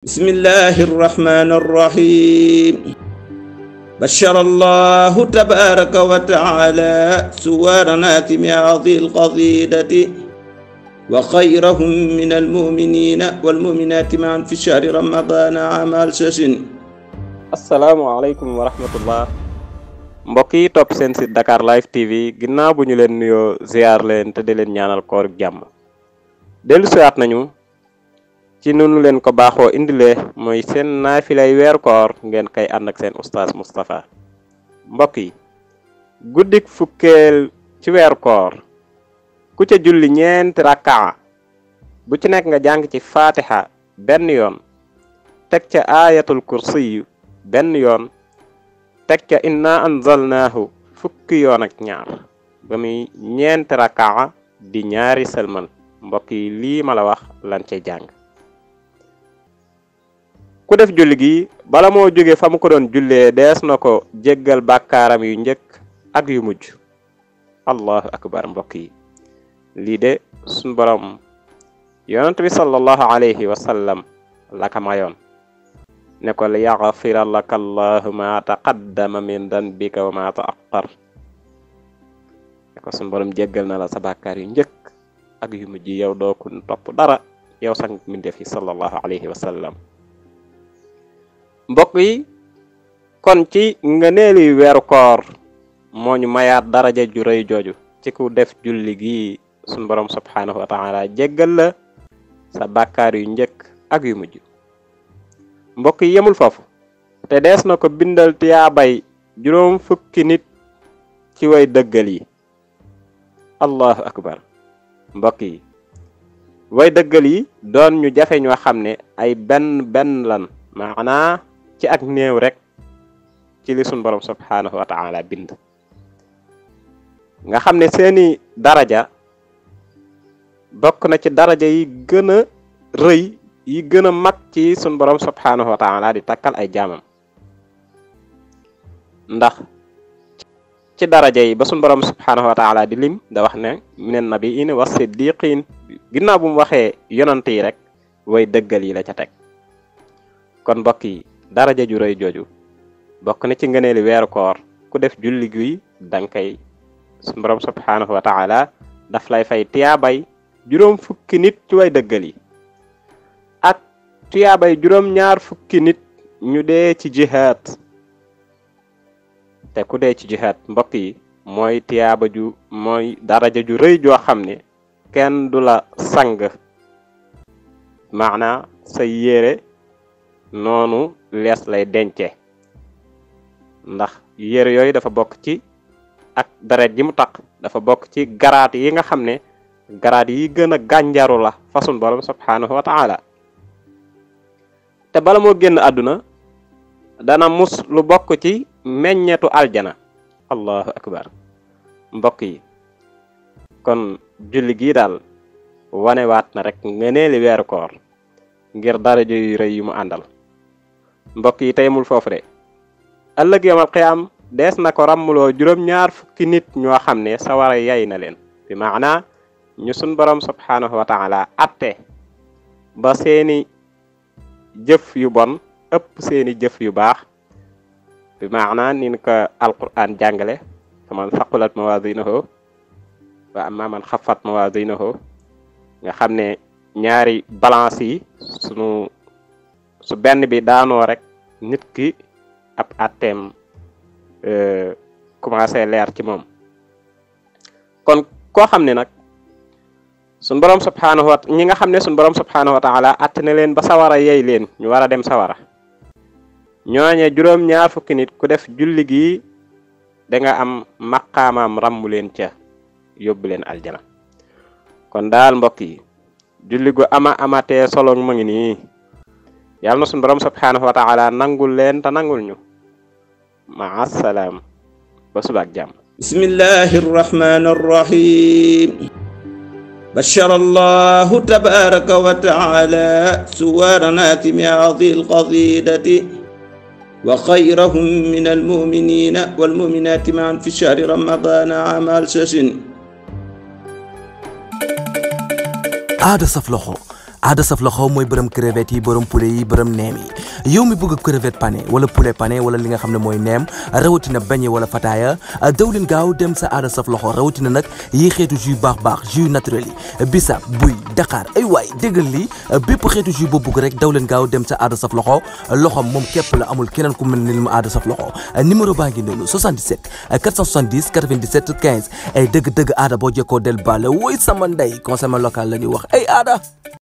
bismillahi arrahmani arrahim bashara allahu tabaraka wa taala suwara naatimi hadihi alqasidati wa xayrahum min almuminina walmuminati maan fi shahri ramadana amal sasin asalaamu aleykum wa rahmatullah mbokk yi topp seen site Dakar Live TV ginnaaw bu ñu leen nuyoo ziar leen te di leen ñaanal koor jàmm dellu siwaat nañu ci nunu leen ko baaxoo indilee mooy seen naafilay weer ngeen koy ànd ak seen oustaz Moustapha mbokk yi guddik fukkeel ci weer ku ca julli ñeenti rakkaa bu ci nekk nga jàng ci faatiha benn yoon teg ca aayatul kursiyu benn yoon teg ca inna anzalnaahu fukki yoon ak ñaar ba muy ñeenti rakkaa di ñaari sëlmal mbokki yi lii ma la wax lan cay jàng ku def julli bala moo jóge fa mu ko doon jullee dees na ko jéggal bàkkaaram yu njëkk ak yu mujj allahu akbar mbokk yi lii de suñ borom yonent bi sallallahu alayhi wa sallam la ka mayoon ma taqaddama min danbika wa ma taaqar ne ko suñ borom na la sa bàkkaar yu njëkk ak yu mujj yow doo ko topp dara yow sang mbindeef yi sallallahu alayhi wa mbokk yi kon ci ngëneeli weeru koor moo ñu mayaat daraja ju rëy jooju ci ku def julli gi suñ borom subhaanahu wa taala jéggal la sa bàkkaar yu njëkk ak yu mujj mbokk yi yemul foofu te des na ko bindal tiyaabay juróom fukki nit ci way dëggal yi allahu akbar mbokk yi way dëggal yi doon ñu jafe ñoo xam ne ay benn benn lan maanaa ci ak néew rek ci li suñ borom subhaanahu wa taala bind nga xam ne seeni daraja bokk na ci daraja yi gën a rëy yi gën a mag ci suñ borom subhaanahu wa di takkal ay jaamam ndax ci daraja yi ba suñ borom subhaanahu wa di lim da wax ne minen nabiin wa siddiqin ginnaaw bu mu waxee yonant yi rek way dëggal yi la ca teg kon mbokk yi daraja ju rëy jooju bokk na ci ngëneeli weeru koor ku def julli guy danga koy borom subhaanahu daf lay fay tiyaabay juróom fukki nit ci way dëggal ak tiyaabay juróom ñaar fukki nit ñu dee ci jihaad te ku dee ci jihaad mbokk yi mooy tiyaaba ju mooy daraja ju rëy joo xam ne kenn du la sang maana say yére noonu lees lay dencee ndax yére yooyu dafa bokk ci ak deret ji mu taq dafa bokk ci garaat yi nga xam ne garaat yi gën a gànjaru la façon borom subhaanahu wa te bala moo génn àdduna dana mus lu bokk ci meññeetu aljana allahu akbar mbokk yi kon julli gi daal wanewaat na rek ngëneeli weeru koor ngir daraja yi rëy yu mu àndal mbokk yi tey mul foofu de ëllëg yawmal qiyaam dees na ko ràmmuloo juróom-ñaar fukki nit ñoo xam ne sawara yay na leen bi maana ñu sun borom subhaanahu wa taala atte ba seeni jëf yu bon ëpp seeni jëf yu baax bi maana nin ko alquran jàngale faman saqulat mawazinuhu wa amma man xafat mawazinuhu nga xam ne ñaari balance yi sunu su benn bi daanoo rek nit ki ab atteem euh, commencé leer ci moom kon koo xam ne nag suñ borom subhaanahu wa ñi nga xam ne suñ borom subhaanahu wa taala atte na leen ba sawara yey leen ñu war a dem sawara ñooñe juróom-ñaar fukki nit ku def julli gi danga am maqaamaam ràmmu leen ca yóbbu leen aljana kon daal mbokk julli gu ama amatee solo mu ngi nii yàlla na suñu borom subhaanahu wa taala nangul leen te nangul ñu maa salaam ba suba ak jàmm bismillahi arrahmani arrahim bashara allahu tabaraka wa taala suwaaranaati min hadihi alqasidati wa xayrahum min almuminina walmuminati maan fi shahri ramadana amal sashin aada saf loxo aada saf la mooy borom crevettes yi borom poulet yi borom neem yi yow mi bëgg crevette pané wala poulet pané wala li nga xam ne mooy neem rawatina beñe wala fataaya daw leen gaaw dem sa aada saf loxo rawatina nag yi xeetu jus baax baax jus naturel yi bisab buy daqaar ay waay déggal lii bépp xeetu jus boo bëgg rek daw leen gaaw dem sa aada saf loxo loxom moom képp la amul keneen ku mel ni mu aada saf loxo numéro baa ngi noonu 77 470 97 15 ay dëgg-dëgg aada boo jekkoo del baale wooy sama ndey consommé local la ñuy wax ay aada